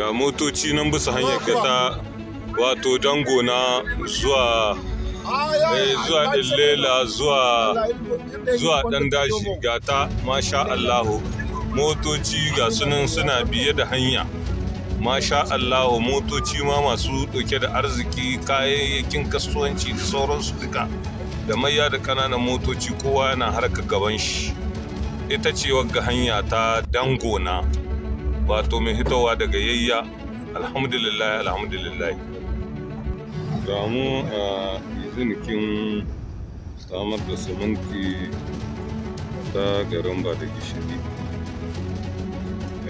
ga motoci nan bisa hanyar ta wato dango na zuwa eh, zuwa ilela zuwa dan dashi ga ta masha allahu motoci ga sunan suna biye da hanya masha allahu motoci ma masu dauke da arziki kayayyakin kasuwanci da sauransu duka da maiya da kananan motoci kowa yana harka gaban shi ita ce wagga hanya ta dangona wato mai hitowa daga yayya alhamdulillah alhamdulillah ga mu a izinikin samar da sumunki ta garin ba da gishiri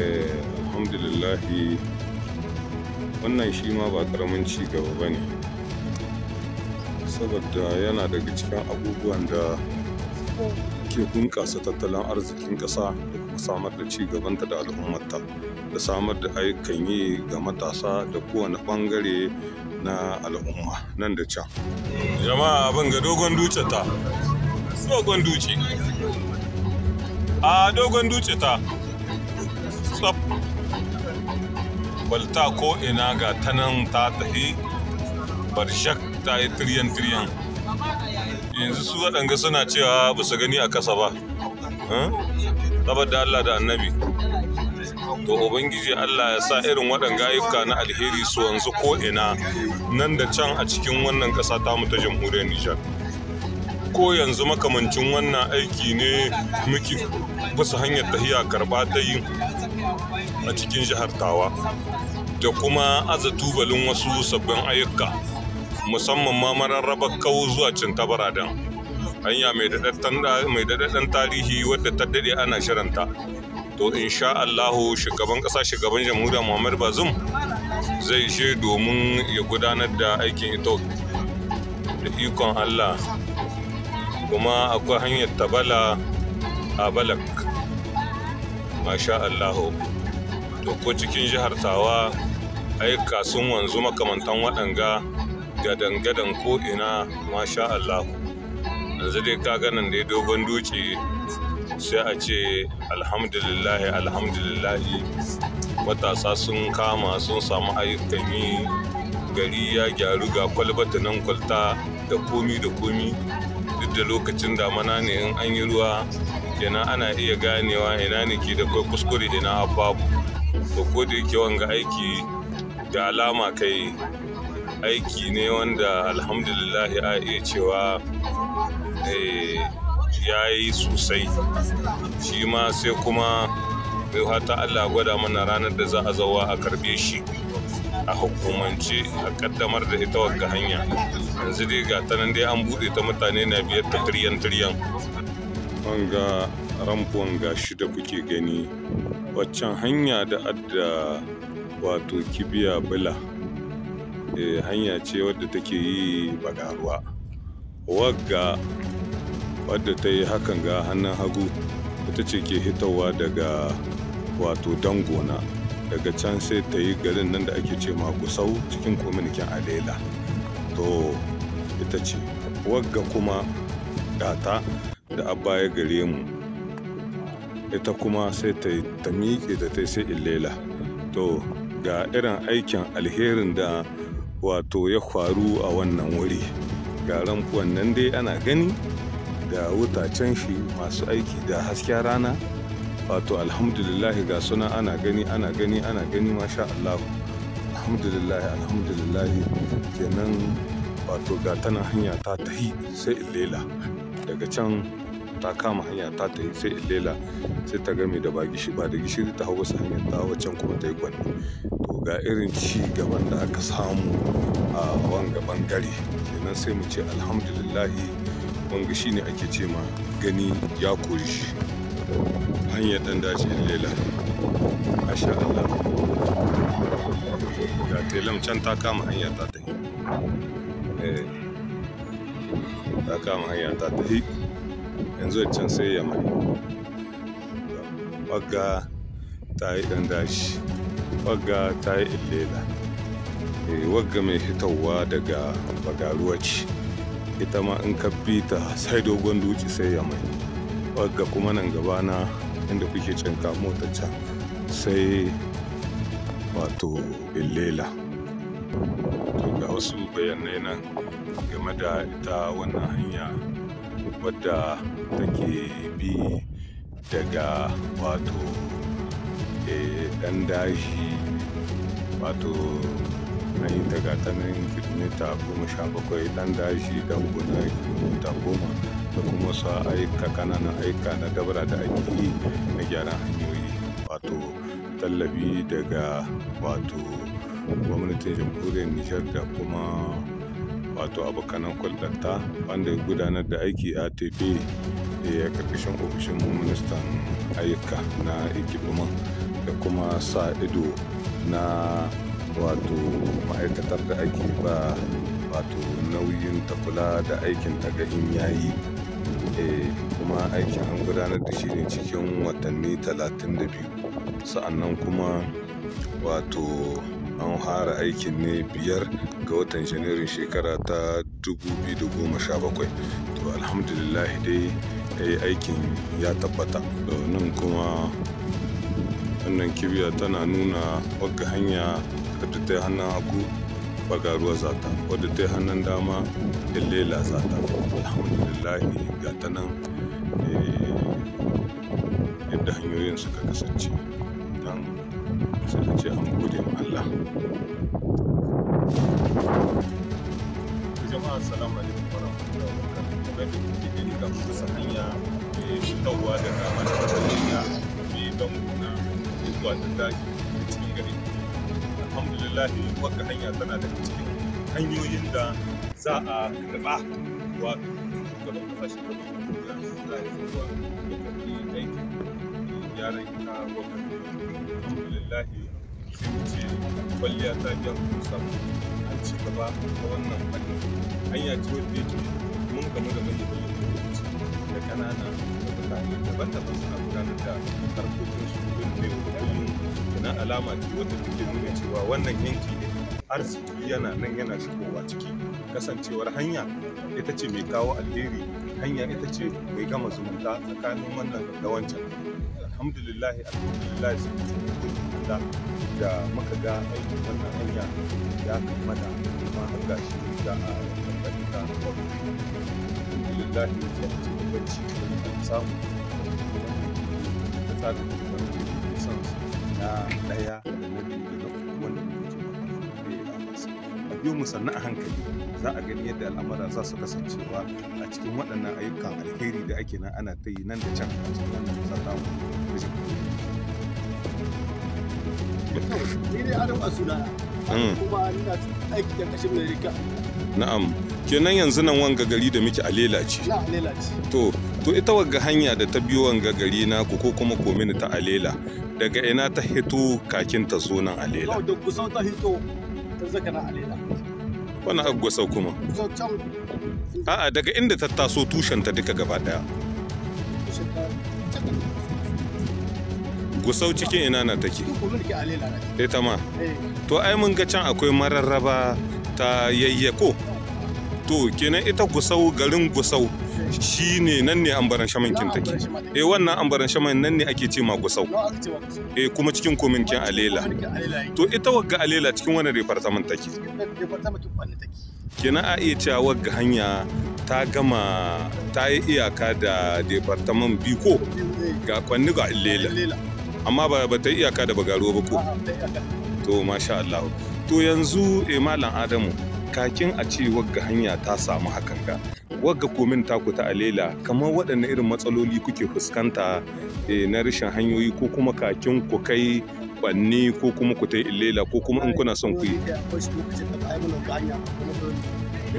eh, alhamdulillah wannan shi ma ba karamin ci gaba ba ne saboda yana daga cikin abubuwan da ke bunƙasa tattalin arzikin ƙasa da samar da ci gabanta da al'ummarta da samar da ayyukan yi ga matasa da kowane bangare na al'umma nan da can. jama'a abin ga dogon duce ta dogon duce a dogon duce ta tsab balta ko ina ga tanan ta tafi barshak ta yi tiryan tiryan yanzu su waɗanga suna cewa ba su gani a ƙasa ba saboda Allah da annabi to ubangiji Allah ya sa irin waɗanga ayyuka na alheri su wanzu ko ina nan da can a cikin wannan ƙasa ta mu ta jamhuriyar Nijar ko yanzu makamancin wannan aiki ne muke bisa hanyar tahiya karba ta yi a cikin jihar Tawa da kuma aza tubalin wasu sabbin ayyuka musamman ma mararraba kawo zuwa Cintabaradan. hanya mai daɗaɗɗen tarihi wadda ta daɗe ana shiranta to insha Allahu shugaban ƙasa shugaban jamhuriya muhammadu Bazum zai je domin ya gudanar da aikin ito da ikon Allah kuma akwai hanyar tabala a balak masha Allahu to ko cikin jihar tawa aika sun wanzu makamantan waɗanga gadan-gadan ko'ina masha Allahu yanzu dai ka ganin ya dogon dutse sai a ce alhamdulillahi alhamdulillahi matasa sun kama sun samu ayyukan yi gari ya gyaru ga kwalbata nan kwalta da komi da komi duk da lokacin damana ne in an yi ruwa yana ana iya ganewa ina ne ke da kai kuskure ina babu ko da yake wanga aiki da alama kai aiki ne wanda alhamdulillahi a iya cewa eh, ya yi sosai shi ma sai kuma bai fata allah gwada mana ranar da za a zawa a karbe shi a hukumance a kaddamar da ita wagga hanya yanzu dai ga ta nan dai an buɗe ta mutane na biyar ta tiryan tiryan wanga ramfon ga shida kuke gani waccan hanya da adda wato kibiya bila Eh, hanya ce wadda take yi bagaruwa wagga wadda ta yi hakan ga hannun hagu ita ce ke hitowa daga wato dangona daga can sai ta yi garin nan da ake ce gusau cikin kominikin alela to ita ce wagga kuma data da abba ya gare mu ita kuma sai ta ta miƙe da ta sai illela to ga irin aikin alherin da wato ya faru a wannan wuri ga wannan nan dai ana gani da wutacen shi masu aiki da hasken rana wato alhamdulillah ga suna ana gani ana gani ana gani masha Allah alhamdulillah alhamdulillah kenan wato ga tana hanya ta tahi sai illela daga can ta kama hanya ta tahi sai illela sai ta game da ba gishi ba da gishiri ta hau wasu hanyar ta hau can kuma ta yi kwanne ga irin ci gaban da aka samu a wanga bangare kenan sai mu ce alhamdulillahi wanga shine ake ce ma gani ya kori shi hanyar dan dace lela masha Allah ga telam can ta kama hanya ta tafi eh, ta kama hanya ta tafi yanzu can sai ya mai wagga ta yi dan dashi wagga ta yi illela eh, wagga mai hitowa daga bagaruwaci ita ma in ka bi ta sai dogon duci sai ya mai wagga kuma nan gaba na inda kuke cinka mota can sai wato illela to ga wasu bayanai nan game da ita wannan hanya wadda take bi daga wato ɗan dashi wato nan yi daga ta kilomita goma sha bakwai ɗan dashi ɗan guda kilomita goma da kuma sa aika kananan aika na dabara da ake yi na gyaran hanyoyi wato tallafi daga wato gwamnatin jamhuriyar nijar da kuma wato abokanan kwallonta wanda ya gudanar da aiki a atp ya eh, karkashin ofishin ministan ayyuka na ikibuman kuma sa ido na wato ma'aikatar da ake ba wato nauyin ta kula da aikin ta ga in yayi. Eh, kuma aikin an gudanar da shi ne cikin watanni talatin da biyu. Sa'annan kuma wato an fara aikin ne biyar ga watan Janairun shekara ta dubu sha bakwai. To alhamdulillah dai eh, aikin ya tabbata. Nan kuma. wannan kibiya tana nuna wagga hanya da ta hannun hagu bagaruwa zata wadda ta hannun dama illela zata alhamdulillahi ga ta nan eh, yadda hanyoyin suka kasance don sai ce an gode ma Allah jama'a assalamu alaikum warahmatullahi wabarakatuh kamar da kuke gani ga kusa hanya eh, fitowa daga madafar hanya mai eh, don zuwa ta daji cikin gari alhamdulillah wata hanya tana daga cikin hanyoyin da za a karɓa wato shugaban da ya a yi zuwa da karɓi aikin yaran ka wata alhamdulillah sai mu ce kwalliya ta biya kusa an ci gaba ta wannan hanya hanya ce wadda yake mun da mai da ƙanana daban-daban suna gudanar da harkokinsu don biyu da kullum na alama ce wata take nuna cewa wannan yanki ne arziki yana nan yana shigowa ciki kasancewar hanya ita ce mai kawo alheri hanya ita ce mai gama zumunta tsakanin wannan da wancan alhamdulillah alhamdulillah sai mu da da muka ga aikin wannan hanya ya kammala kuma har gashi da a tabbatar alhamdulillah da zuwa cikin bacci da samu da tsarin da kuma son na ɗaya da na biyu da na uku wanda muke jin a biyo mu sannu a hankali za a gani yadda al'amura za su kasancewa a cikin waɗannan ayyukan alheri da ake nan ana ta yi nan da can a cikin wannan ƙasa ta mu. Ni dai Adam Asuna, hmm. kuma ina aiki da kashin Amerika. Na'am. kenan yanzu nan wanga gari da muke a lelace to to ita wanga hanya da ta biyo wanga gari na ku ko kuma komini ta alela daga ina ta hito kakin ta zo nan alela da ta hito ta wani a kuma a'a daga inda ta taso tushen ta duka gaba daya gusau cikin ina na take ita ma eh. to ai mun ga can akwai mararraba ta yayyako to kenan ita gusau garin gusau shi ne nan ne ambaran shaman kin take eh wannan ambaran shaman nan ne ake ce ma gusau eh kuma cikin komin kin alela to ita wagga alela cikin wannan department take kenan a iya cewa wagga hanya ta gama ta yi iyaka da departament biko ga kwanni ga alela amma ba ta iyaka da bagaruwa ba ko to masha Allah to yanzu eh malam Adamu kakin a ce wagga hanya ta samu hakan ga wagga komin taku ta alela kamar waɗanne irin matsaloli kuke fuskanta eh, na rashin hanyoyi ko kuma kakin ku kai kwanni ko kuma ku ta ilela ko kuma in kuna son ku yi hmm?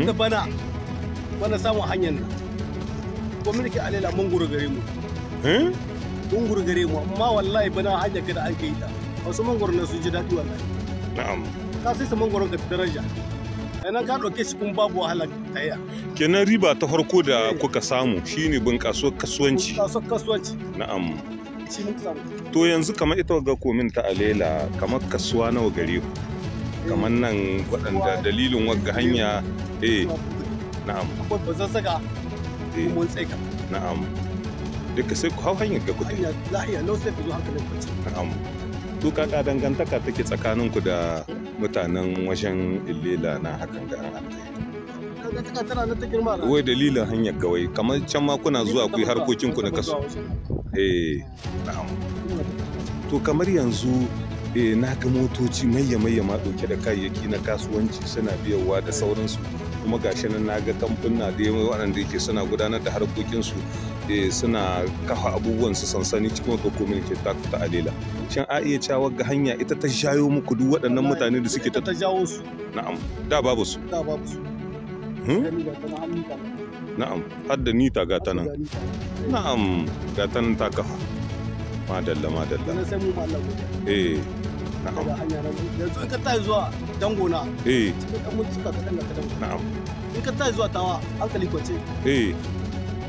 da bana bana samun hanyar nan gwamnati ke alela mun guru gare mu hmm? mun guru gare mu amma wallahi bana hanyar kada da an kai ta wasu mangwaro na sun ji daɗi wallahi na'am ka sai su mangwaron ka daraja kenan ka ɗauke shi kuma babu wahala tayya kenan riba ta farko da kuka samu shine bunƙasar kasuwanci bunƙasar kasuwanci na'am to yanzu kamar ita ga komin ta alela kamar kasuwa nawa gare ku kamar nan waɗanda dalilin wagga hanya eh na'am akwai bazazzaga eh, mun tsaika na'am duka sai ku hau hanyar ga kuɗi lahiya lau sai ku zo hankalin kwanci na'am to kaka dangantaka take tsakaninku da mutanen wajen illela na hakan ga an wai dalilin hanyar kawai kamar can ma kuna zuwa kuyi harkokinku na kasu eh na'am to kamar yanzu eh, na ga motoci mayya mayya ma dauke da kayayyaki na kasuwanci suna biyarwa da sauransu kuma gashi nan na ga kamfuna da yawa waɗanda yake suna gudanar da harkokinsu eh, suna kafa abubuwan su sansani cikin wata community ta ta alela shin a iya cewa ga hanya ita ta jayo muku duk waɗannan mutane da suke ta jawo su na'am da babu su da babu su hmm? na'am har da ni ta gata nan na'am ta nan ta kafa madalla madalla eh yanzu in ka tashi zuwa dangona eh cikin dan mutu suka kadan ka kadan na'am in ka tashi zuwa tawa hankali kwace eh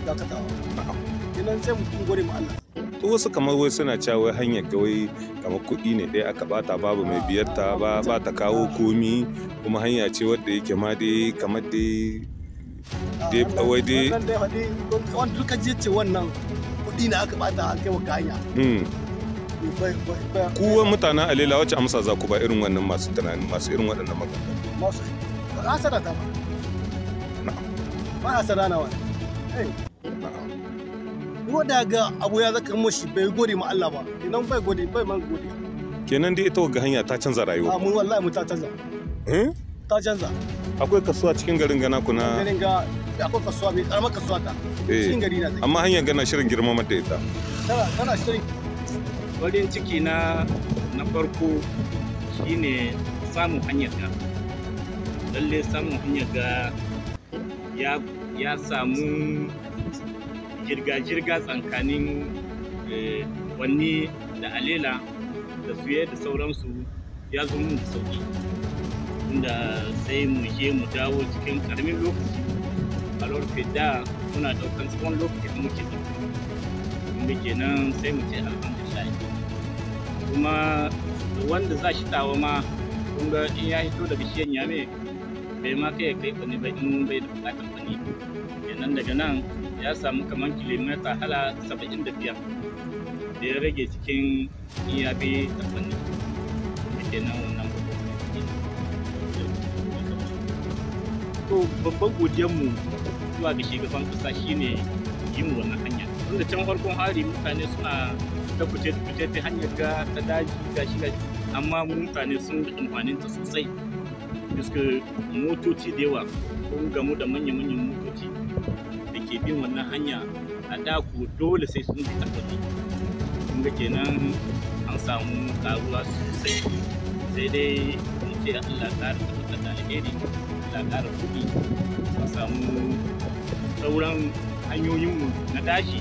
ga ka tawa na'am kenan sai mutum gode ma Allah to wasu kamar wai suna cewa wai hanyar ga wai kamar kuɗi ne ɗaya aka bata babu mai biyarta ba ba ta kawo komi kuma hanya ce wadda yake ma dai kamar dai dai kawai ah, dai wannan duka je ce wannan kuɗi ne aka bata a kai wa hanya hmm. kuwa mutanen alela wacce amsa za ku ba irin wannan masu tunanin masu irin waɗannan magana masu asara ta ba na'am ba asara na wani na'am ko da ga abu ya zaka mushi bai gode ma Allah ba idan bai gode bai man gode kenan dai ita ga hanya ta canza rayuwa a mun wallahi mu ta canza eh ta canza akwai kasuwa cikin garin gana kuna garin ga akwai kasuwa bai karamar kasuwa ta eh. cikin gari na amma hanyar gana shirin girmamar da ita tana tana shirin farin ciki na na farko shine samun hanyar ga lalle samun hanyar ga ya, ya samu jirga-jirga tsakanin wani eh, wanni da alela da suye da sauransu ya zo mun da sauki inda sai mu je mu dawo cikin karamin lokaci a lorfe da muna daukan tsawon lokaci muke da muke nan sai mu ce alhamdulillah kuma wanda za shi tawa ma kunga in ya hito da ya me bai ma kai kai kwani ba in bai da bukatar kwani kenan daga nan ya samu kamar kilomita hala saba'in da biyar da ya rage cikin bi da kwani da kenan wannan to babban godiyarmu zuwa ga shugaban kusa shine yin wannan hanya tun da can farkon hari mutane suna ta kuce kuce ta hanyar ga ta daji shi gaji amma mutane sun da amfanin ta sosai biske motoci da yawa kun gamu da manya manyan motoci da ke bin wannan hanya a daku dole sai sun bi takwati kun ga kenan an samu karuwa sosai sai dai mun ce Allah ƙara tabbatar da alheri Allah ƙara kuɗi a samu sauran hanyoyinmu na dashi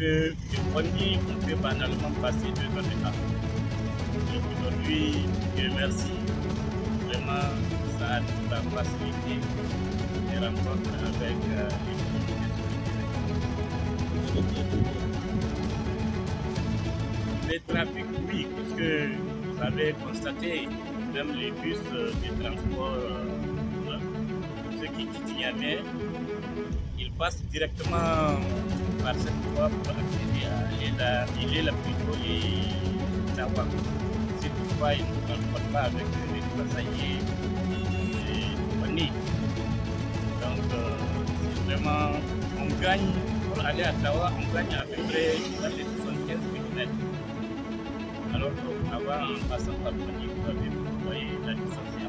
On éloigné, qu'on peut banalement passer de notre Donc aujourd'hui, je remercie vraiment, ça a tout facilité les rencontres avec euh, les Les trafics, oui, parce que vous avez constaté, même les bus euh, de transport, euh, ceux qui quittent Yamé, ils passent directement par cette voie pour accéder à lebih Il cawang la plus jolie d'Awam. C'est ini il ne concorde pas avec les passagers et compagnie. Donc, euh, c'est vraiment, on gagne kalau aller à Tawa, on gagne à peu